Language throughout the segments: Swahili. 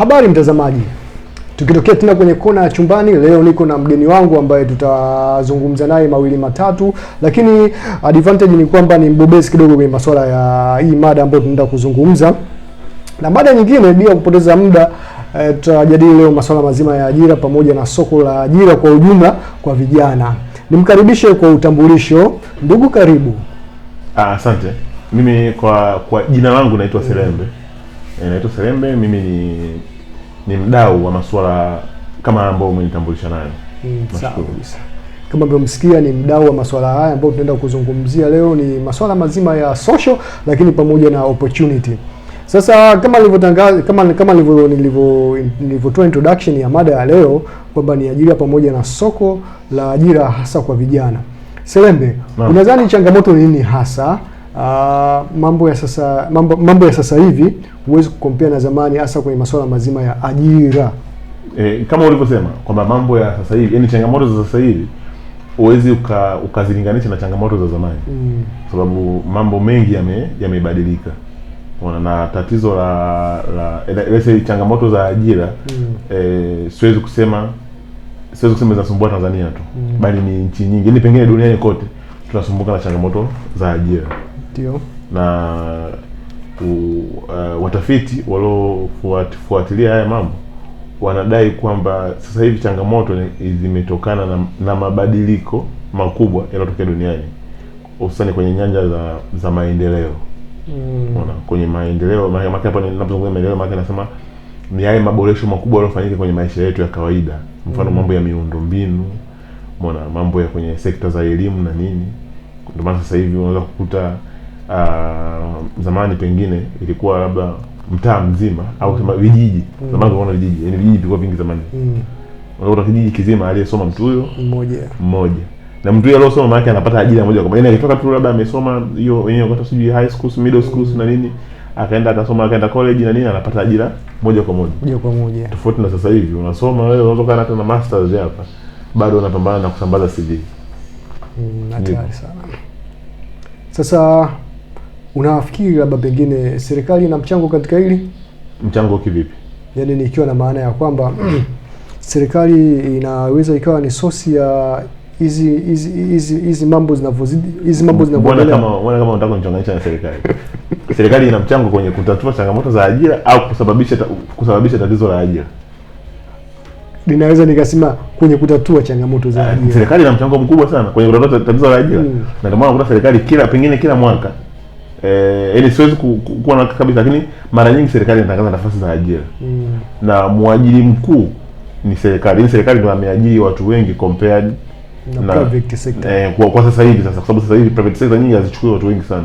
Habari mtazamaji, tukitokea tena kwenye kona ya chumbani. Leo niko na mgeni wangu ambaye tutazungumza naye mawili matatu, lakini advantage ni kwamba ni mbobezi kidogo kwenye masuala ya hii mada ambayo tunaenda kuzungumza, na mada nyingine bila kupoteza muda e, tutajadili leo masuala mazima ya ajira pamoja na soko la ajira kwa ujumla kwa vijana. Nimkaribishe kwa utambulisho. Ndugu, karibu. Ah, asante. Mimi kwa kwa jina langu naitwa Selembe. mm -hmm. Naitwa Serembe, mimi ni ni mdau wa masuala kama ambao umenitambulisha nayo. Mm, nashukuru. Kama mlivyomsikia ni mdau wa masuala haya ambayo tunaenda kuzungumzia leo, ni masuala mazima ya social, lakini pamoja na opportunity. Sasa kama nilivyotangaza, kama kama nilivyo nilivyotoa introduction ya mada ya leo kwamba ni ajira pamoja na soko la ajira hasa kwa vijana. Serembe, unadhani changamoto ni nini hasa Uh, mambo ya sasa mambo, mambo ya sasa hivi huwezi kukompea na zamani, hasa kwenye masuala mazima ya ajira. E, kama ulivyosema kwamba mambo ya sasa hivi yani changamoto za sasa hivi huwezi uka, ukazilinganisha na changamoto za zamani mm. Sababu mambo mengi yamebadilika, na tatizo la la lese changamoto za ajira mm. eh, siwezi kusema siwezi kusema zinasumbua Tanzania tu mm. Bali ni nchi nyingi, yani pengine duniani kote tunasumbuka na changamoto za ajira. Ndio. na u, uh, watafiti waliofuatilia haya mambo wanadai kwamba sasa hivi changamoto zimetokana na, na mabadiliko makubwa yanayotokea duniani hususani kwenye nyanja za za maendeleo mm. Ona, kwenye maendeleo maana hapa ninapozungumza maendeleo maana nasema ni yale maboresho makubwa yanayofanyika kwenye maisha yetu ya kawaida, mfano mm. mambo ya miundombinu, mbona mambo ya kwenye sekta za elimu na nini. Ndio maana sasa hivi unaweza kukuta uh, zamani pengine ilikuwa labda mtaa mzima au kama vijiji mm. zamani kuna vijiji yani vijiji vilikuwa vingi zamani mm. unakuta kijiji kizima aliyesoma mtu huyo mmoja mmoja na mtu aliyosoma maana yake anapata ajira moja kwa moja. Alitoka yaani tu labda amesoma hiyo wenyewe kwa sijui high school, middle school mm. na nini, akaenda atasoma akaenda college na nini, anapata ajira moja kwa moja. Moja kwa moja. Tofauti na sasa hivi unasoma wewe unaweza hata na masters hapa bado unapambana na kusambaza CV. Mm, hatari sana. Sasa unafikiri labda pengine serikali ina mchango katika hili? Mchango kivipi? Yaani nikiwa na maana ya kwamba serikali inaweza ikawa ni sosi ya hizi hizi hizi mambo zinavyozidi hizi mambo zinavyoendelea. kama mbona kama unataka kunichanganisha na serikali? serikali ina mchango kwenye kutatua changamoto za ajira au kusababisha kusababisha tatizo la ajira? Ninaweza nikasema kwenye kutatua changamoto za eh, ajira. Serikali ina mchango mkubwa sana kwenye kutatua tatizo la ajira. Hmm. Na ndio maana unakuta serikali kila pengine kila mwaka eh, ili siwezi kuwa na kabisa, lakini mara nyingi serikali inatangaza nafasi za ajira mm. na mwajiri mkuu ni serikali. Ni yaani serikali ndio ameajiri watu wengi compared na, na private sector eh, kwa, kwa sasa hivi sasa, kwa sababu sasa hivi private sector nyingi hazichukui watu wengi sana,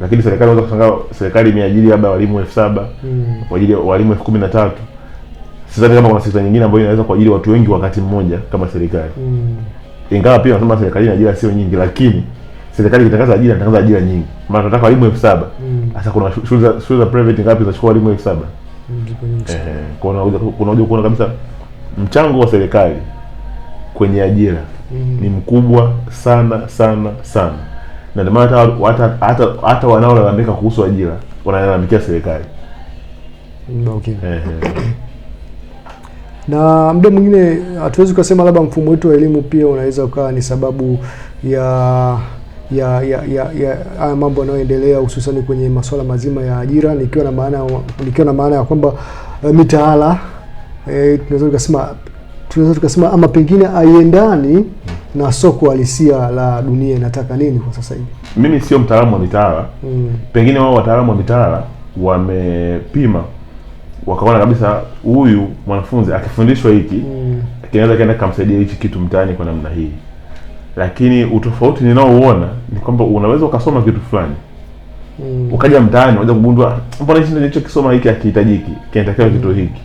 lakini serikali inaweza kushangaa, serikali imeajiri labda walimu 7000 saba mm. kwa walimu elfu kumi na Sidhani kama kuna sekta nyingine ambayo inaweza kuajiri watu wengi wakati mmoja kama serikali mm. ingawa pia wanasema serikali ina ajira sio nyingi, lakini serikali ikitangaza ajira inatangaza ajira nyingi, maana tunataka walimu elfu saba mm. sasa. Kuna shule za shule za private ngapi zinachukua walimu elfu saba? Mm, eh, kuna unaweza kuona kabisa mchango wa serikali kwenye ajira mm. ni mkubwa sana sana sana, na ndio maana hata hata hata wanaolalamika kuhusu ajira wanalalamikia serikali. Okay. Eh, eh, eh. na muda mwingine hatuwezi kusema labda mfumo wetu wa elimu pia unaweza ukawa ni sababu ya ya ya ya haya mambo yanayoendelea hususani kwenye masuala mazima ya ajira, nikiwa na maana nikiwa na maana ya kwamba e, mitaala e, tunaweza tukasema tunaweza tukasema ama pengine haiendani na soko halisia la dunia inataka nini kwa sasa hivi. Mimi sio mtaalamu wa mitaala mm. Pengine wao wataalamu wa mitaala wamepima wakaona kabisa huyu mwanafunzi akifundishwa hiki mm. kinaweza kaenda kikamsaidia hichi kitu mtaani kwa namna hii lakini utofauti ninaouona ni kwamba unaweza ukasoma kitu fulani mm. ukaja mtaani unaweza kugundua mbona hichi ndicho kisoma hiki hakihitajiki kinatakiwa mm. kitu hiki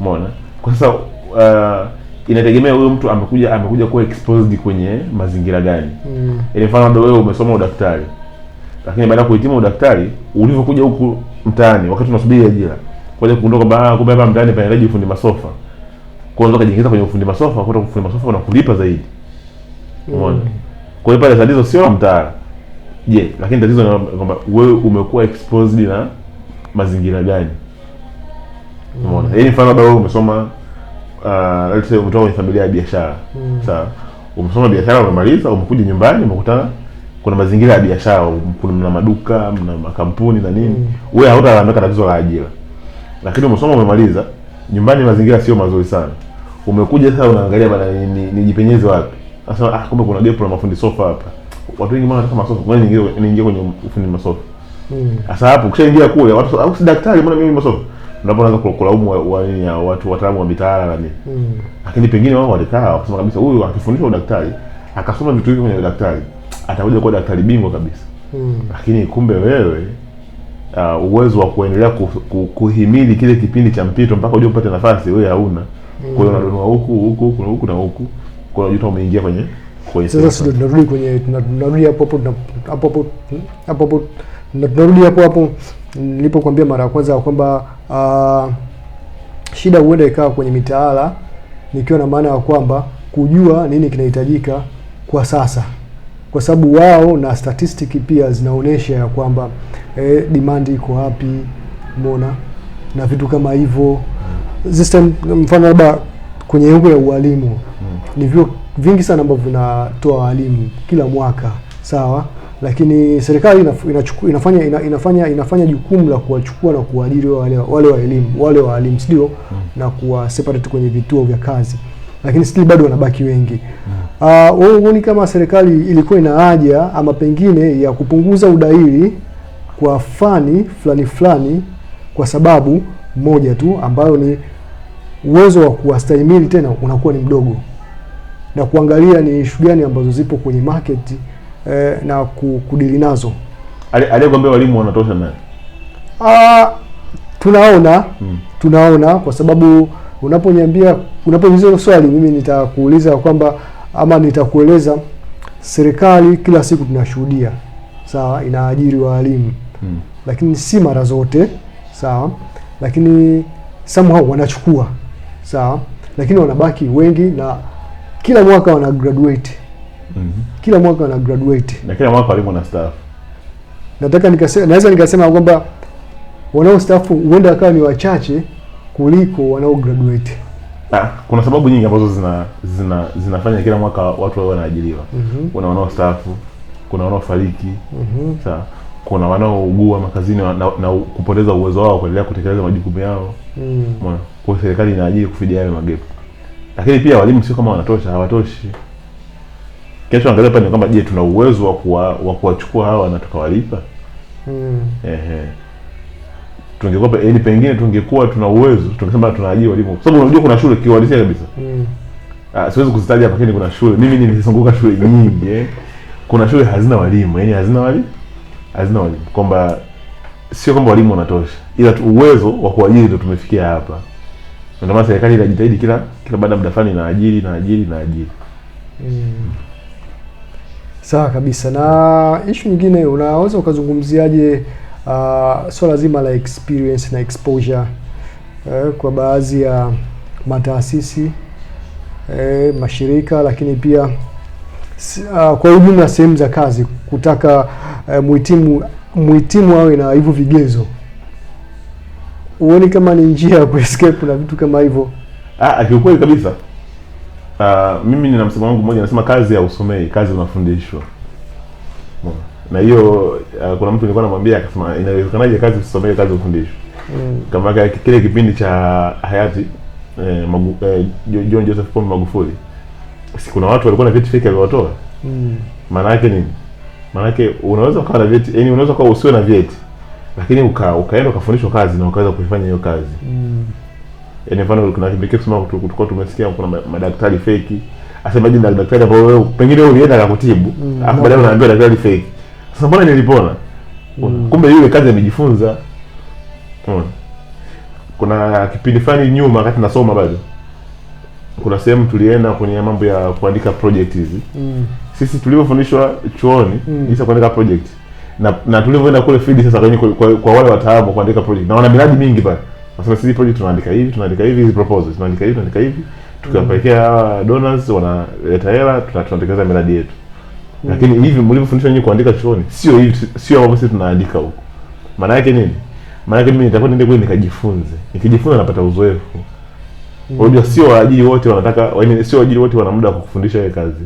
umeona kwa sasa uh, inategemea huyo mtu amekuja amekuja kuwa exposed kwenye mazingira gani mm. ili mfano labda wewe umesoma udaktari lakini baada ya kuhitimu udaktari ulivyokuja huku mtaani wakati unasubiri ajira kwaje kugundua kwamba ah, kumbe hapa mtaani panahitaji fundi masofa kwa hiyo ukajiingiza kwenye ufundi masofa kuta ufundi masofa unakulipa zaidi umeona mm. kwa hiyo pale tatizo sio la mtaala je yeah, lakini tatizo ni kwamba wewe umekuwa exposed na mazingira gani umeona mm. yaani mfano labda wewe umesoma uh, let's say umetoka kwenye familia ya biashara mm. sawa umesoma biashara umemaliza umekuja nyumbani umekutana kuna mazingira ya biashara kuna mna maduka mna makampuni na nini mm. wewe hautalalamika tatizo la ajira lakini umesoma umemaliza nyumbani mazingira sio mazuri sana umekuja sasa unaangalia bana nijipenyeze ni, ni wapi sasa ah, kumbe kuna la mafundi sofa hapa. Watu wengi wanataka masofa, ngoja kwenye ufundi masofa. Hmm. hapo kule watu au si daktari, mimi masofa? Ndipo naanza kulaumu wa nini watu wataalamu wa mitaala na nini. Hmm. Lakini pengine wao walikaa wakasema kabisa huyu akifundishwa udaktari, akasoma vitu kwenye atakuja kuwa daktari bingwa kabisa. Hmm. Lakini kumbe wewe uh, uwezo wa kuendelea ku, ku, kuhimili kile kipindi cha mpito mpaka uje upate nafasi wewe hauna. Kwa hiyo huku huku huku na huku na huku kwa Juta umeingia kwenye kwenye sasa. Tunarudi kwenye tunarudi hapo hapo hapo hapo tunarudi hmm, hapo hapo nilipokuambia mara ya kwanza kwamba uh, shida huenda ikawa kwenye mitaala, nikiwa na maana ya kwamba kujua nini kinahitajika kwa sasa, kwa sababu wao na statistiki pia zinaonyesha ya kwamba eh, demand iko wapi, umeona na vitu kama hivyo. System mfano labda kwenye engo ya ualimu mm. ni vyuo vingi sana ambavyo vinatoa walimu kila mwaka sawa, lakini serikali inafanya ina, inafanya inafanya jukumu la kuwachukua na kuwaajiri wale wale wa elimu wale elimu sio mm. na kuwa separate kwenye vituo vya kazi, lakini still bado wanabaki wengi mm. uh, kama serikali ilikuwa ina haja ama pengine ya kupunguza udahili kwa fani fulani fulani kwa sababu moja tu ambayo ni uwezo wa kuwastahimili tena unakuwa ni mdogo, na kuangalia ni ishu gani ambazo zipo kwenye market eh, na kudili nazo. Aliyegombea walimu wanatosha naye, ah, tunaona hmm. tunaona kwa sababu unaponiambia unaponiuliza swali mimi nitakuuliza kwamba ama nitakueleza serikali kila siku tunashuhudia sawa, inaajiri waalimu hmm. lakini si mara zote sawa, lakini somehow wanachukua sawa, lakini wanabaki wengi na kila mwaka wana graduate mm -hmm. kila mwaka wana graduate na kila mwaka walimu na staff. Nataka nikasema, naweza nikasema kwamba staff huenda wakawa ni wachache kuliko wanao graduate. Ah, kuna sababu nyingi ambazo zina, zina zinafanya kila mwaka watu wao wanaajiriwa. mm -hmm. Kuna staff, kuna fariki. mm -hmm. sawa kuna wanaougua makazini na, na kupoteza uwezo wao kuendelea kutekeleza majukumu yao mm. Umeona, kwa serikali inaajiri kufidia yale magepu, lakini pia walimu sio kama wanatosha, hawatoshi. Kesho angalia pale kwamba je, tuna uwezo wa kuwa wa kuwachukua hawa na tukawalipa? mm. Ehe, tungekuwa yaani, pengine tungekuwa tuna uwezo, tungesema tunaajiri walimu, kwa sababu unajua kuna shule kiwalisia kabisa mm. Ah, siwezi kuzitaja hapa, lakini kuna shule mimi nimezunguka shule nyingi eh. Kuna shule hazina walimu, yani hazina walimu hazina walimu, kwamba sio kwamba walimu wanatosha, ila uwezo wa kuajiri ndio tumefikia hapa. Ndio maana serikali inajitahidi kila kila baada ya muda fulani na ajiri na ajiri na ajiri. Mm. Sawa kabisa. Na ishu nyingine unaweza ukazungumziaje uh, swala zima la experience na exposure eh, kwa baadhi ya mataasisi eh, mashirika lakini pia uh, kwa ujumla sehemu za kazi kutaka uh, muhitimu muhitimu awe na hivyo vigezo, huoni kama ni njia ya kuescape na vitu kama hivyo? Ah, ah kiukweli kabisa. Uh, mimi nina msemo wangu mmoja anasema kazi ya usomei kazi unafundishwa. Na hiyo uh, kuna mtu nilikuwa namwambia akasema inawezekanaje kazi usomei, kazi ufundishwe. Mm. Kama kile kipindi cha hayati eh, Magu, eh, John Joseph Pombe Magufuli si kuna watu walikuwa na vyeti fake aliwatoa. Mm. Maana yake nini? Maana yake unaweza ukawa na vyeti, yani unaweza ukawa usiwe na vyeti. Lakini uka, ukaenda ukafundishwa kazi na ukaweza kuifanya hiyo kazi. Mm. Yaani mfano kuna kipindi kusema tulikuwa tumesikia kuna madaktari fake. Asema jina la daktari ambao wewe pengine wewe ulienda akakutibu, mm. Alafu baadaye unaambiwa daktari fake. Sasa mbona nilipona? Mm. Kumbe yule kazi amejifunza. Mm. Kuna kipindi fulani nyuma wakati nasoma bado kuna sehemu tulienda kwenye mambo ya kuandika project hizi mm. Sisi tulivyofundishwa chuoni mm. jinsi ya kuandika project na, na tulivyoenda kule field sasa kwenye kwa, kwa wale wataalamu kuandika project na wana miradi mingi pale, nasema sisi project tunaandika hivi tunaandika hivi hizi proposals tunaandika hivi tunaandika hivi tukiwapelekea hawa mm. donors wanaleta hela, tunatengeneza miradi yetu mm. Lakini hivi mlivyofundishwa nyinyi kuandika chuoni sio hivi, sio ambavyo sisi tunaandika huko. Maana yake nini? Maana yake mimi nitakuwa niende kule nikajifunze, nikijifunza napata uzoefu mm. Mm. Unajua sio waajiri wote wanataka, yaani sio waajiri wote wana muda wa kukufundisha ile kazi.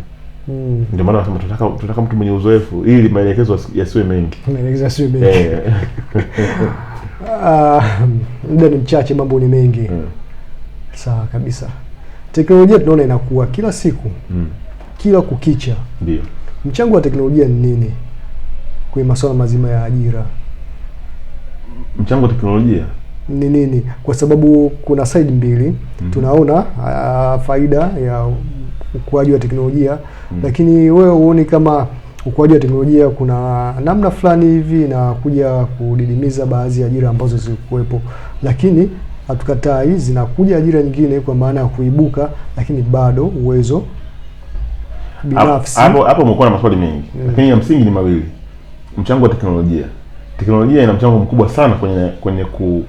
Mm. Ndio maana tunasema tunataka tunataka mtu mwenye uzoefu ili maelekezo yasiwe mengi. Maelekezo yasiwe mengi. Uh, muda ni mchache, mambo ni mengi. Mm. Sawa kabisa. Teknolojia tunaona inakuwa kila siku. Mm. Kila kukicha. Ndio. Mchango wa teknolojia ni nini kwenye masuala mazima ya ajira? Mchango wa teknolojia ni nini, kwa sababu kuna side mbili mm -hmm. Tunaona uh, faida ya ukuaji wa teknolojia mm -hmm. Lakini wewe huoni kama ukuaji wa teknolojia kuna namna fulani hivi inakuja kudidimiza baadhi ya ajira ambazo zilikuwepo, lakini hatukatai zinakuja ajira nyingine kwa maana ya kuibuka, lakini bado uwezo binafsi hapo hapo umekuwa na maswali mengi mm. Lakini ya msingi ni mawili, mchango wa teknolojia teknolojia ina mchango mkubwa sana kwenye kwenye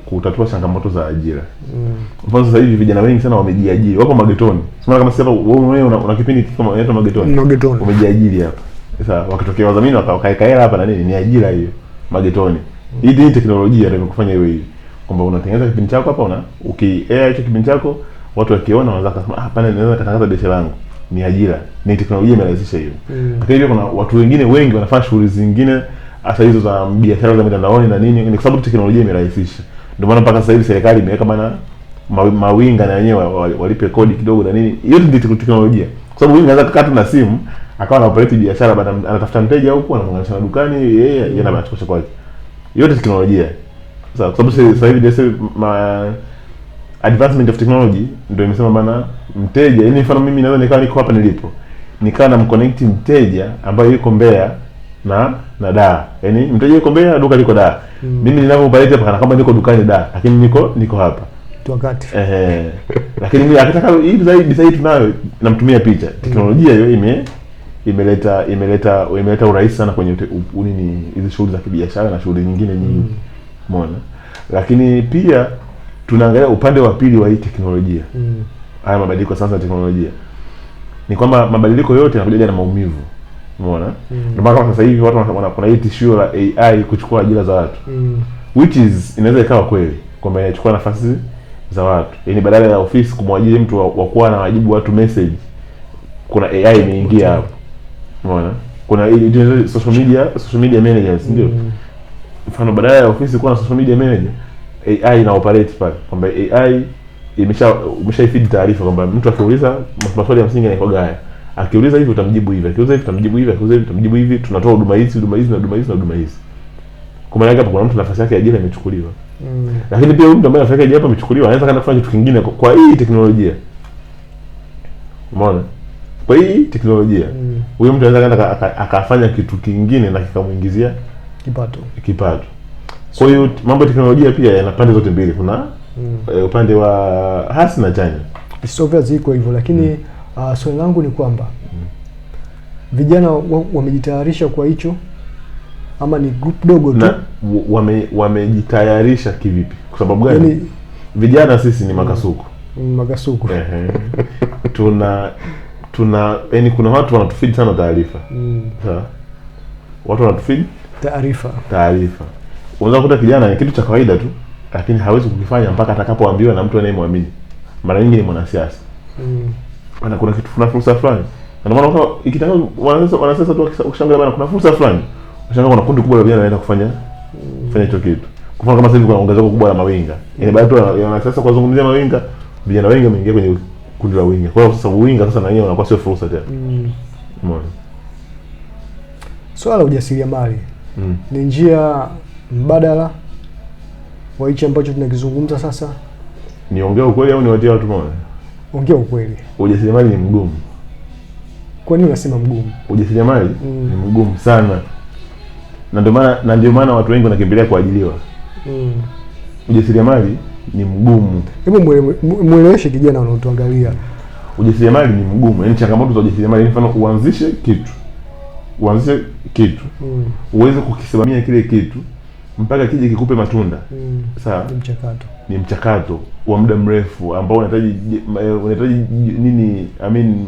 kutatua changamoto za ajira. Mm. Mfano sasa hivi vijana wengi sana wamejiajiri, Wapo magetoni. Sema kama sasa wewe una, una kipindi kama unaitwa magetoni. Magetoni. Umejiajiri hapa. Sasa wakitokea wadhamini wakaweka hela hapa na nini, ni ajira hiyo magetoni. Mm. Hii ni teknolojia ndio imekufanya iwe hivi. Kwamba unatengeneza kipindi chako hapa una ukiea hicho kipindi chako watu wakiona wanaweza kusema ah, pale naweza katangaza biashara yangu. Ni ajira. Ni teknolojia imerahisisha hiyo. Mm. Lakini kuna watu wengine wengi wanafanya shughuli zingine hasa hizo za biashara za mitandaoni na nini, ni kwa sababu teknolojia imerahisisha. Ndio maana mpaka sasa hivi serikali imeweka bana mawinga na wenyewe walipe kodi kidogo na nini, hiyo ndio teknolojia, kwa sababu mimi naweza kukata na simu akawa na operate biashara bana, anatafuta mteja huko, anamuunganisha na dukani, yeye yeye anabatoka kwake, yote teknolojia. Sasa kwa sababu sasa hivi ndio ma advancement of technology ndio imesema bana mteja, yaani mfano mimi naweza nikawa niko hapa nilipo nikawa na mconnect mteja ambaye yuko Mbeya na na da Yaani mteja yuko mbele na duka liko da Mm. Mimi ninapopaleta hapa kana kama niko dukani da lakini niko niko hapa. Wakati. Eh. lakini mimi akitaka hii zaidi zaidi tunayo namtumia picha. Mm. Teknolojia hiyo mm. ime imeleta imeleta imeleta urahisi sana kwenye nini hizi shughuli za kibiashara na shughuli nyingine nyingi. Mm. Umeona? Mm. Lakini pia tunaangalia upande wa pili wa hii teknolojia. Mm. Haya mabadiliko sasa ya teknolojia. Ni kwamba mabadiliko yote yanakuja na maumivu. mm umeona mm. Ndio maana sasa hivi watu wanasema kuna hii tishio la AI kuchukua ajira za watu mm. which is inaweza ikawa kweli kwamba inachukua nafasi za watu, yaani badala ya ofisi kumwajiri mtu wa, kuwa na wajibu watu message, kuna AI imeingia hapo, umeona kuna hii social media social media managers ndio mm. mfano badala ya ofisi kuwa na social media manager AI ina operate pale kwamba AI imesha imeshaifeed taarifa kwamba mtu akiuliza maswali ya msingi anaikoga haya Akiuliza hivi utamjibu hivi, akiuliza hivi utamjibu hivi, akiuliza hivi utamjibu hivi. Tunatoa huduma hizi, huduma hizi na huduma hizi na huduma hizi. Kwa maana hapa kuna mtu nafasi yake ya ajira imechukuliwa. Mm. Lakini pia huyu mtu ambaye nafasi yake ya ajira hapa imechukuliwa anaweza kwenda kufanya kitu kingine kwa hii teknolojia. Umeona? Kwa hii teknolojia. Mm. Huyu mm. mtu anaweza kwenda akafanya kitu kingine na kikamuingizia kipato. Kipato. Kwa hiyo mambo ya teknolojia pia yana pande zote mbili. Kuna mm. Eh, upande wa hasi na chanya. Historia ziko hivyo lakini mm. Uh, swali langu ni kwamba vijana wamejitayarisha wa kwa hicho ama ni group dogo tu? Wame wamejitayarisha kivipi? Kwa sababu gani? Yani, vijana sisi ni makasuku makasuku tuna tuna yani, kuna watu wanatufeed sana taarifa mm. Watu wanatufeed taarifa taarifa. Unaweza kukuta kijana ni kitu cha kawaida tu, lakini hawezi kukifanya mpaka atakapoambiwa na mtu anayemwamini. Mara nyingi ni mwanasiasa mm bana, kuna kitu kuna fursa fulani. Na ndio maana ikitaka wanasiasa wanasiasa tu wakishangaa bana, kuna fursa fulani, washangaa kuna kundi kubwa la vijana wanaenda kufanya kufanya hicho kitu. Kwa mfano kama sasa hivi kuna ongezeko kubwa la mawinga, yaani baada tu ya wanasiasa kuzungumzia mawinga, vijana wengi wameingia kwenye kundi la winga. Kwa hiyo sasa uwinga sasa na yeye unakuwa sio fursa tena. Mm. Umeona? Swala la ujasiriamali mm. ni njia mbadala wa hichi ambacho tunakizungumza sasa. Niongee ukweli au niwatie watu moyo? Ongea ukweli. Ujasiriamali ni mgumu. Kwa nini unasema mgumu? Ujasiriamali mm. ni mgumu sana, na ndio maana na ndio maana watu wengi wanakimbilia kuajiliwa. mm. Ujasiriamali ni mgumu. Hebu mweleweshe kijana wanaotuangalia, ujasiriamali ni mgumu, yaani changamoto za ujasiriamali, yaani mfano uanzishe kitu, uanzishe kitu mm. uweze kukisimamia kile kitu mpaka kije kikupe matunda mm. Sawa, ni mchakato, ni mchakato wa muda mrefu ambao unahitaji eh, unahitaji nini, I mean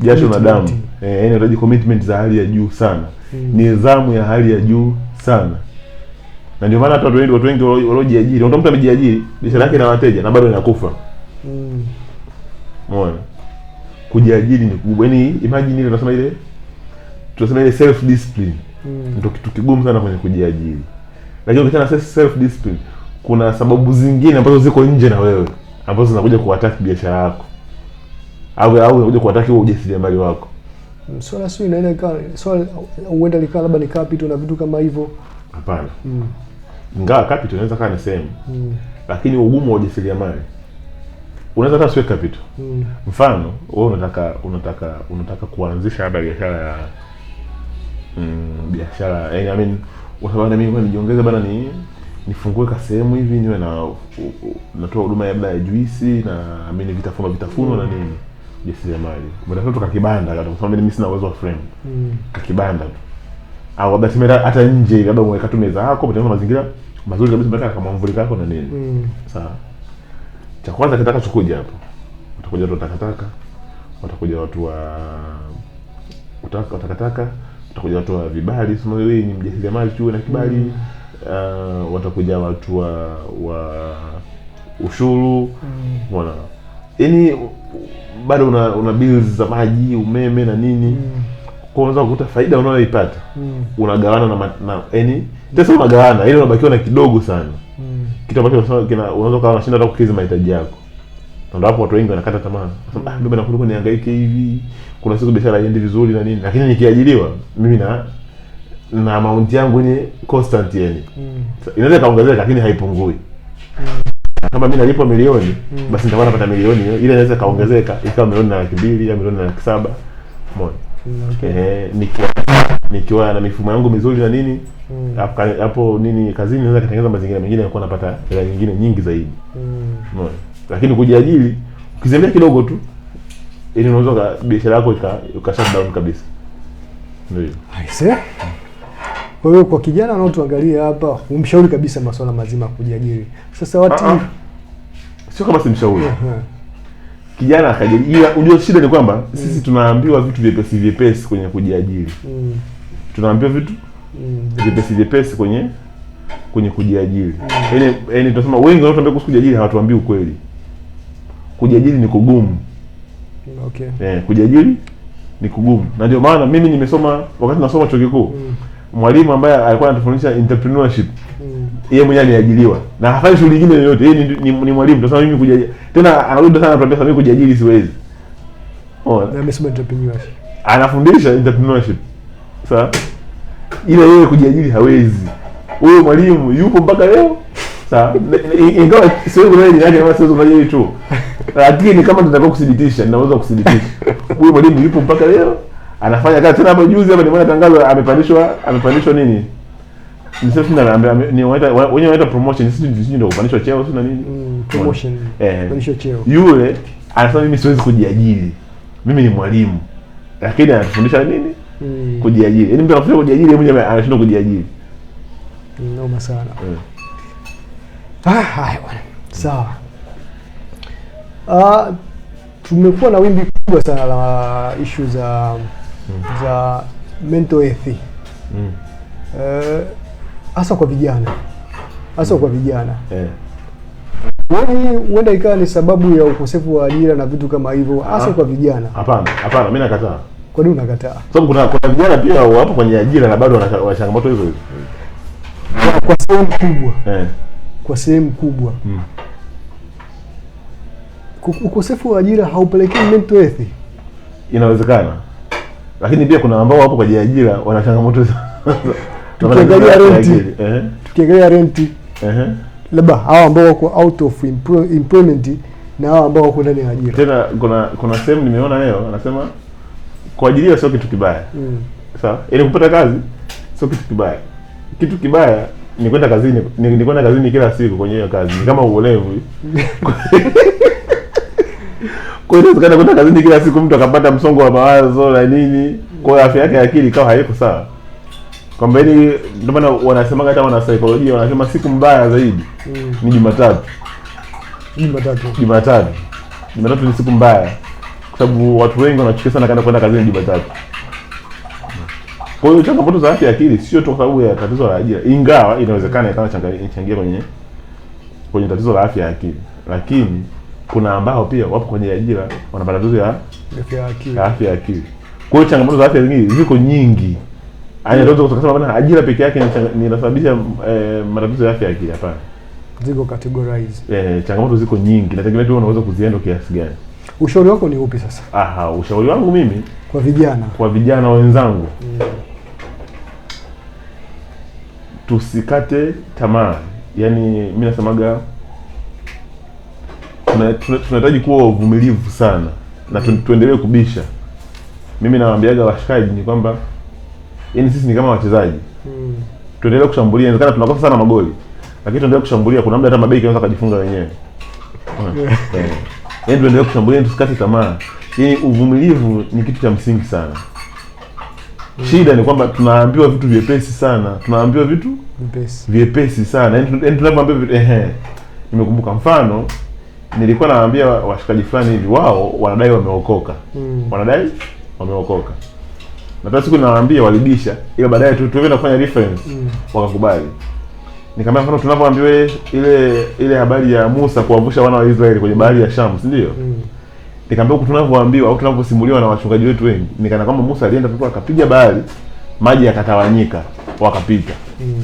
jasho na damu eh, yani unahitaji commitment za hali ya juu sana mm. ni Nidhamu ya hali ya juu sana, na ndio maana hata watu wengi watu wengi waliojiajiri, mtu amejiajiri biashara yake na wateja na bado inakufa mm. Umeona, kujiajiri ni kubwa, yani imagine ile tunasema ile tunasema ile self discipline mm. Ndio kitu kigumu sana kwenye kujiajiri. Lakini ukiachana na self discipline, kuna sababu zingine ambazo ziko nje na wewe ambazo zinakuja kuattack biashara yako au au zinakuja kuattack wewe ujasiriamali wako. Swala sio inaenda ikawa swala huenda likaa labda ni capital na vitu kama hivyo. Hapana. Mm. Ingawa capital inaweza kaa ni same. Mm. Lakini ugumu wa ujasiriamali unaweza hata sio capital. Mm. Mfano, wewe unataka unataka unataka kuanzisha labda biashara ya mm, biashara yani I mean Unaona mimi kwa nijiongeze bana ni nifungue ka sehemu hivi niwe na natoa huduma labda ya juisi na mimi ni vitafuno vitafuno mm. na nini jinsi ya jasiriamali. Baada tu kakibanda kama mfano mimi sina uwezo wa frame. Mm. Kakibanda tu. Au labda timera hata nje hivi labda umeweka tu meza yako, umetengeneza mazingira mazuri kabisa mpaka kama mvuli yako na nini. Mm. Sawa. Cha kwanza kitaka chukuje hapo. Utakuja watu takataka. Watakuja watu wa utakataka watakuja watu wa vibali, sema wewe ni mjasiriamali tu na kibali mm. Uh, watakuja watu wa, wa ushuru mm. umeona mm. Yaani bado una, una bills za maji, umeme na nini mm. Kwa unaweza kukuta faida unayoipata mm. unagawana na na yani tena unagawana, ile yaani unabakiwa na kidogo sana mm. kitu ambacho unaweza kuwa unashinda hata kukidhi mahitaji yako na ndio hapo watu wengi wanakata tamaa, nasema ah, ndio bana, kuliko nihangaike hivi, kuna siku biashara iende vizuri na nini, lakini nikiajiriwa mimi na na amount yangu ni constant, yani mm. inaweza kaongezeka, lakini haipungui mm. Kama mimi nalipo milioni mm. basi nitakuwa napata milioni hiyo, ile inaweza kaongezeka ikawa milioni na laki mbili au milioni na laki saba umeona? Mm, okay. Eh, nikiwa nikiwa na mifumo yangu mizuri na nini mm. hapo mm. nini kazini, naweza kutengeneza mazingira mengine, kuwa napata hela nyingine nyingi zaidi mm. umeona? lakini kujiajiri ukizembea kidogo tu ili unaweza ka biashara yako ika shut down kabisa. Ndio hiyo. Aise. Eh? Kwa hiyo kwa kijana anaotuangalia hapa umshauri kabisa masuala mazima ya kujiajiri. Sasa watu uh ah, -uh. Ah. Sio kama simshauri. Uh -huh. Kijana akajiajiri. Unajua shida ni kwamba mm. sisi tunaambiwa vitu vyepesi vyepesi kwenye kujiajiri. Mm. Tunaambiwa vitu mm. vyepesi vyepesi kwenye kwenye kujiajiri. Mm. Yaani mm. yaani tunasema wengi wanaotuambia kuhusu kujiajiri hawatuambii ukweli kujiajiri ni kugumu. Okay. Eh, kujiajiri ni kugumu. Na ndio maana mimi nimesoma wakati nasoma chuo kikuu. Mm. Mwalimu ambaye alikuwa anatufundisha entrepreneurship. Mm. Yeye mwenyewe aliajiriwa. Na hafanyi shughuli nyingine yoyote. Yeye ni, ni, ni mwalimu. Tunasema mimi kujiajiri. Tena anarudi sana anatuambia mimi kujiajiri siwezi. Oh. Na amesoma entrepreneurship. Anafundisha entrepreneurship. Sawa? Ile yeye kujiajiri hawezi. Huyo mwalimu yupo mpaka leo ingawa siwezi kuelewa jina lake siwezi kufanya hili tu. Lakini kama tutakuwa kudhibitisha, ninaweza kudhibitisha. Huyo mwalimu yupo mpaka leo. Anafanya kazi tena hapo juzi hapa nimeona tangazo amepandishwa amepandishwa nini? Ni sasa tuna ni wanaita wenyewe wanaita promotion sisi sisi ndio kupandishwa cheo sio nini? Mm, promotion. Eh. Kupandishwa cheo. Yule anasema mimi siwezi kujiajiri. Mimi ni mwalimu. Lakini anatufundisha nini? Mm. Kujiajiri. Yaani mtu anafundisha kujiajiri, mwenyewe anashindwa kujiajiri. Noma sana. Eh. Ah, haya bwana, sawa. Ah, tumekuwa na wimbi kubwa sana la ishu za mm. za mental health mm. Eh, hasa kwa vijana hasa mm. kwa vijana yeah. Hii yaani, huenda ikawa ni sababu ya ukosefu wa ajira na vitu kama hivyo hasa ah. kwa vijana. Hapana, hapana, mimi nakataa. Kwa nini unakataa? Sababu kuna kuna vijana pia wapo kwenye ajira na bado wana changamoto hizo hizo kwa sehemu kubwa eh kwa sehemu kubwa mm. Ukosefu wa ajira haupelekei mental health, inawezekana, lakini pia kuna ambao wapo kwenye ajira wana changamoto tukiangalia renti, tukiangalia renti labda hawa ambao wako out of employment na hawa ambao wako ndani ya ajira. Tena kuna kuna sehemu nimeona leo anasema kuajiriwa sio kitu kibaya mm. Sawa, ili kupata kazi sio kitu kibaya. Kitu kibaya nikwenda kazini nikwenda kazini kila siku kwenye hiyo kazi ni kama uolevu kwa hiyo inawezekana kwenda kazini kila siku mtu akapata msongo wa mawazo na nini, kwa hiyo afya yake ya akili ikawa haiko sawa, kwamba ni yaani, ndio maana wanasema hata wana saikolojia wanasema siku mbaya zaidi mm. ni Jumatatu. Jumatatu, Jumatatu, Jumatatu ni siku mbaya, kwa sababu watu wengi wanachukia sana kwenda kazini Jumatatu. Kwa hiyo changamoto za afya ya akili sio tu sababu ya tatizo la ajira, ingawa inawezekana ikawa changia kwenye kwenye tatizo la afya ya akili, lakini kuna ambao pia wapo kwenye ajira wana matatizo ya afya ya akili. Kwa hiyo changamoto za afya zingine ziko nyingi. Yaani ndio kusema bwana ajira peke yake ni inasababisha eh, matatizo ya afya ya akili hapana. Ziko categorize. Eh, changamoto ziko nyingi. Nategemea tu unaweza kuzienda kiasi gani. Ushauri wako ni upi sasa? Aha, ushauri wangu mimi kwa vijana, kwa vijana wenzangu mm. tusikate tamaa, yaani mi nasemaga tunahitaji tuna, tuna kuwa wavumilivu sana na mm. tuendelee kubisha. Mimi nawaambiaga washikaji ni kwamba yaani sisi ni kama wachezaji mm. tuendelee kushambulia. Inawezekana tunakosa sana magoli, lakini tuendelee kushambulia. Kuna muda hata mabeki anaweza kujifunga wenyewe. Eh yaani tuendelee kushambulia, tusikate tamaa. Yaani uvumilivu ni kitu cha msingi sana. Shida ni kwamba tunaambiwa vitu vyepesi sana, tunaambiwa vitu vyepesi vyepesi sana, yaani tunaambiwa yaani vitu ehe. Nimekumbuka mfano nilikuwa naambia washikaji fulani hivi, wao wanadai wameokoka, mm. wanadai wameokoka na siku nawaambia walibisha, ila baadaye tu tuenda kufanya reference mm. wakakubali. Nikamwambia mfano tunapoambiwa ile ile habari ya Musa kuwavusha wana wa Israeli kwenye bahari ya Shamu, si ndio? Mm. Nikamwambia huko tunapoambiwa au tunaposimuliwa na wachungaji wetu wengi, nikana kwamba Musa alienda tu akapiga bahari, maji yakatawanyika, wakapita. Mm.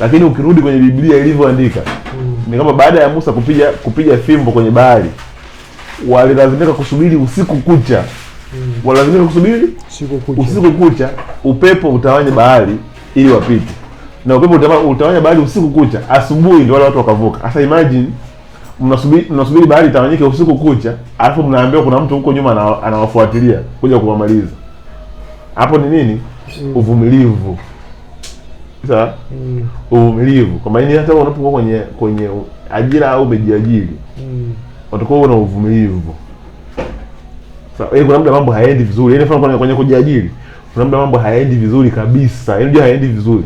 Lakini ukirudi kwenye Biblia ilivyoandika, mm. ni kama baada ya Musa kupiga kupiga fimbo kwenye bahari, walilazimika kusubiri usiku kucha. Mm. Walilazimika kusubiri usiku kucha. Usiku kucha upepo utawanye bahari ili wapite na upepo utawanya bahari usiku kucha, asubuhi ndio wale watu wakavuka. Sasa imagine mnasubiri mnasubiri bahari itawanyike usiku kucha, alafu mnaambiwa kuna mtu huko nyuma anawafuatilia kuja kuwamaliza. Hapo ni nini? Hmm. Uvumilivu. Sasa mm. uvumilivu, kwa maana hata unapokuwa kwenye kwenye ajira au umejiajiri mm. watakuwa na uvumilivu. Sasa yaani kuna muda mambo haendi vizuri, yaani kwenye kujiajiri kuna muda mambo haendi vizuri kabisa, yaani haendi vizuri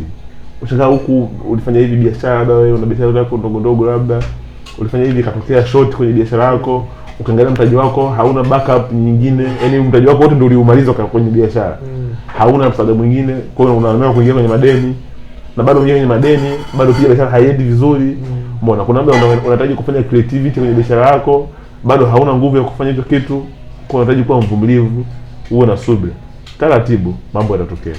ushakaa huku ulifanya hivi biashara, labda wewe una biashara yako ndogo ndogo, labda ulifanya hivi ikatokea short kwenye biashara yako, ukaangalia mtaji wako hauna backup nyingine, yaani mtaji wako wote ndio uliumaliza kwa kwenye biashara mm. hauna msaada mwingine, kwa hiyo unaamua kuingia kwenye madeni na bado mwenyewe kwenye madeni, bado pia biashara haiendi vizuri mm. Mbona kuna labda unahitaji kufanya creativity kwenye biashara yako, bado hauna nguvu ya kufanya hicho kitu, kwa unahitaji kuwa mvumilivu, uwe na subira, taratibu mambo yatatokea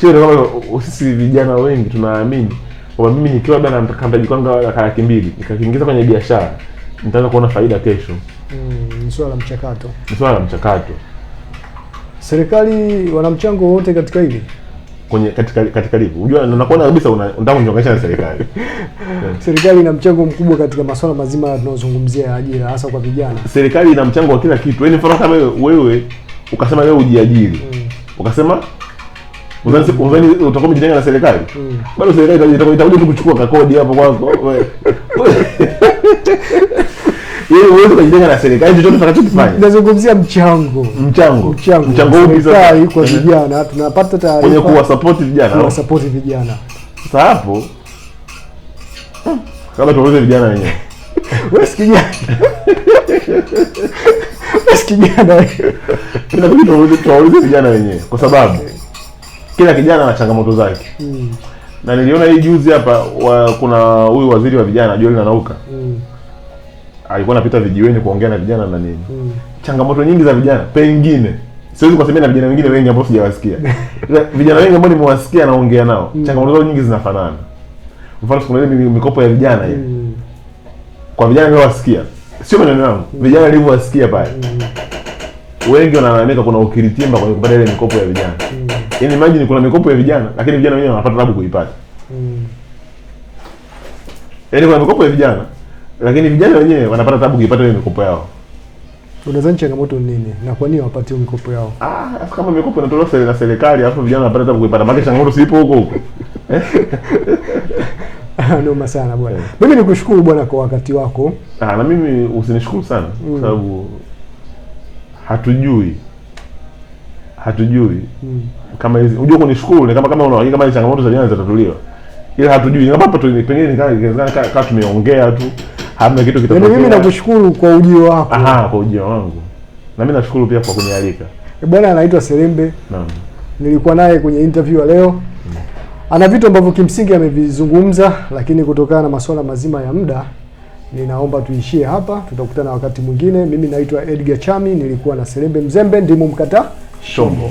sio kama sisi vijana wengi tunaamini kwamba mimi nikiwa labda na mtakamtaji kwangu la laki mbili nikakiingiza kwenye biashara nitaanza kuona faida kesho. Mm, ni swala la mchakato, ni swala la mchakato. Serikali wana mchango wote katika hili kwenye katika katika hivi. Unajua nakuona kabisa unataka kuniongesha na serikali. Serikali ina mchango mkubwa katika masuala mazima tunayozungumzia ya ajira hasa kwa vijana. Serikali ina mchango wa kila kitu. Yaani mfano kama wewe ukasema wewe ujiajiri. Mm. Ukasema Udhani utakuwa umejitenga na serikali? Mm. Bado serikali kuchukua kakodi hapo kwanza. Yeye na serikali Nazungumzia mchango. Mchango. Mchango upi sasa? Kwa eh? vijana tunapata taarifa. Kwenye kuwa support vijana. Kuwa support vijana. Sasa hapo hmm, kama vijana wenyewe. Wewe Wewe vijana wenyewe kwa sababu kila kijana ana changamoto zake mm. na niliona hii juzi hapa wa, kuna huyu waziri wa vijana Joel Nanauka mm. alikuwa anapita vijiweni kuongea na vijana na nini mm. changamoto nyingi za vijana pengine siwezi kuwasemea na vijana wengine wengi ambao sijawasikia vijana wengi ambao nimewasikia naongea nao mm. changamoto zao nyingi zinafanana mfano siku ile mikopo ya vijana hiyo mm. kwa vijana niliowasikia sio maneno yangu mm. vijana nilivyowasikia pale mm wengi wanalalamika kuna ukiritimba kwenye kupata ile mikopo ya vijana. Mm. Yaani imagine kuna mikopo ya vijana lakini vijana wenyewe wanapata tabu kuipata. Mm. Yaani kuna mikopo ya vijana lakini vijana wenyewe wanapata tabu kuipata ile mikopo yao. Unadhani changamoto ni nini? Na kwa nini wapati hiyo mikopo yao? Ah, afu kama mikopo inatolewa na serikali afu vijana wanapata tabu kuipata, maana changamoto sipo huko huko. Noma sana bwana. Eh. Mimi nikushukuru bwana kwa wakati wako. Ah, na mimi usinishukuru sana kwa mm. sababu mm hatujui hatujui mm. kama hizi unajua kwenye shule kama kama una kama hizi changamoto za jana zitatuliwa, ila hatujui ni kama tu pengine inawezekana kama tumeongea tu hamna kitu kitatokea. Yaani mimi nakushukuru kwa ujio wako. Aha, kwa ujio wangu na mimi nashukuru pia kwa kunialika. E bwana anaitwa Selembe. Naam, nilikuwa naye kwenye interview leo mm. ana vitu ambavyo kimsingi amevizungumza, lakini kutokana na masuala mazima ya muda Ninaomba tuishie hapa, tutakutana wakati mwingine. Mimi naitwa Edgar Chami, nilikuwa na Selembe Mzembe, ndimu mkata Shombo.